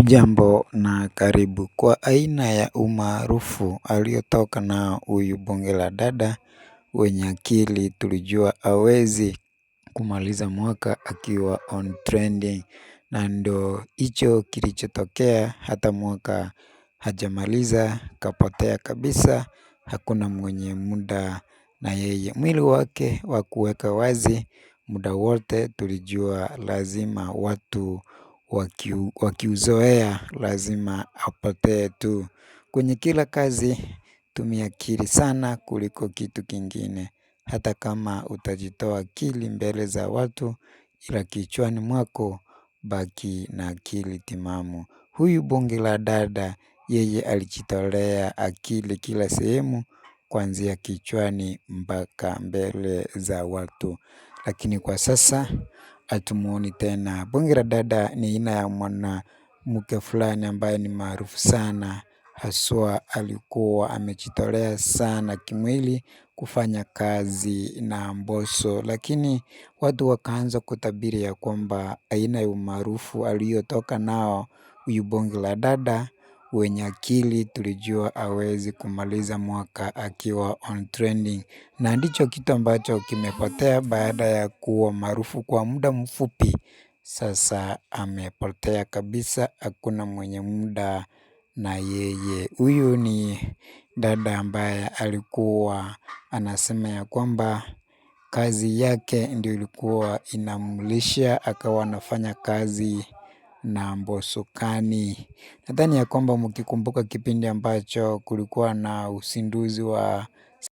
Hujambo na karibu kwa aina ya umaarufu aliotoka nao huyu bonge la dada wenye akili tulijua hawezi kumaliza mwaka akiwa on trending na ndo hicho kilichotokea hata mwaka hajamaliza kapotea kabisa hakuna mwenye muda na yeye mwili wake wa kuweka wazi muda wote tulijua lazima watu wakiuzoea lazima apotee tu. Kwenye kila kazi tumia akili sana kuliko kitu kingine. Hata kama utajitoa akili mbele za watu ila kichwani mwako baki na akili timamu. Huyu bonge la dada yeye alijitolea akili kila sehemu kuanzia kichwani mpaka mbele za watu. Lakini kwa sasa atumuoni tena. Bonge la dada ni aina ya mwanamke fulani ambaye ni maarufu sana haswa alikuwa amejitolea sana kimwili kufanya kazi na Mbosso, lakini watu wakaanza kutabiri ya kwamba aina ya umaarufu aliyotoka nao huyu bonge la dada wenye akili tulijua hawezi kumaliza mwaka akiwa on trending na ndicho kitu ambacho kimepotea baada ya kuwa maarufu kwa muda mfupi Sasa amepotea kabisa hakuna mwenye muda na yeye huyu ni dada ambaye alikuwa anasema ya kwamba kazi yake ndio ilikuwa inamlisha akawa anafanya kazi na mbosukani Nadhani ya kwamba mkikumbuka kipindi ambacho kulikuwa na usinduzi wa